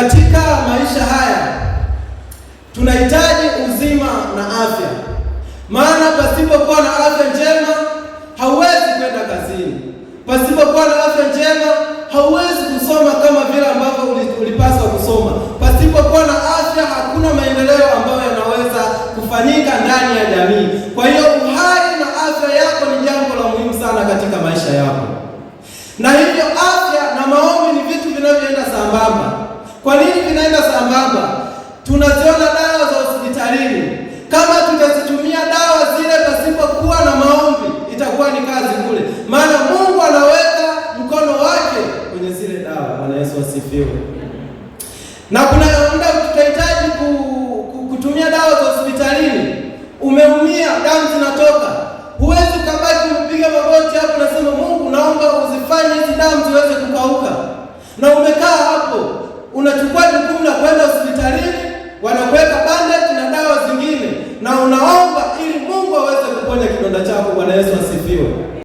Katika maisha haya tunahitaji uzima na afya, maana pasipokuwa na afya njema hauwezi kwenda kazini, pasipokuwa na afya njema hauwezi kusoma kama vile ambavyo ulipaswa kusoma, pasipokuwa na afya hakuna maendeleo ambayo yanaweza kufanyika ndani ya jamii. Kwa hiyo uhai na afya yako ni jambo la muhimu sana katika maisha yako, na hivyo afya na maombi ni vitu vinavyoenda sambamba. Kwa nini vinaenda sambamba? Tunaziona dawa za hospitalini, kama tutazitumia dawa zile pasipokuwa na maombi, itakuwa ni kazi kule, maana Mungu anaweka mkono wake kwenye zile dawa. Bwana Yesu asifiwe. Na kuna muda tutahitaji ku, ku, kutumia dawa za hospitalini. Umeumia, damu zinatoka, huwezi ukabaki umepiga magoti hapo, nasema Mungu, naomba uzifanye hizi damu ziweze kukauka, na umekaa unachukua jukumu la kwenda hospitalini, wanakuweka bandage na dawa zingine, na unaomba ili Mungu aweze kuponya kidonda chako. Bwana Yesu asifiwe.